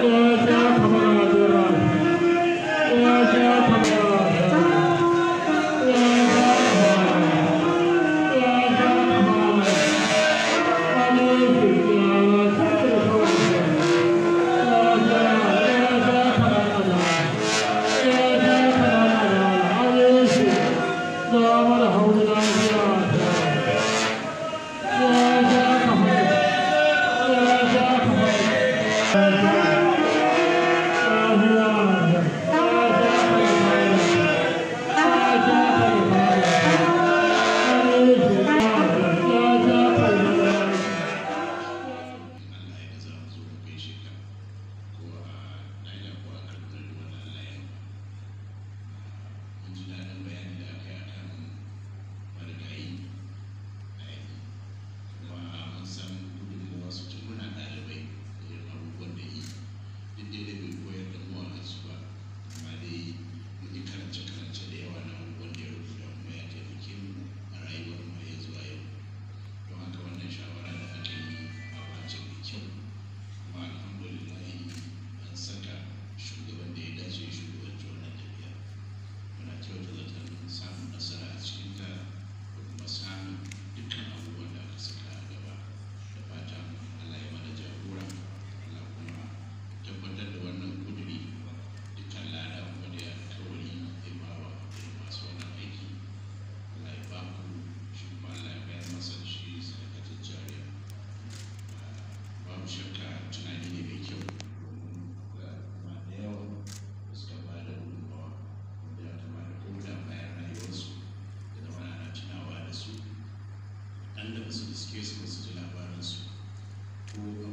Lord. Mm-hmm.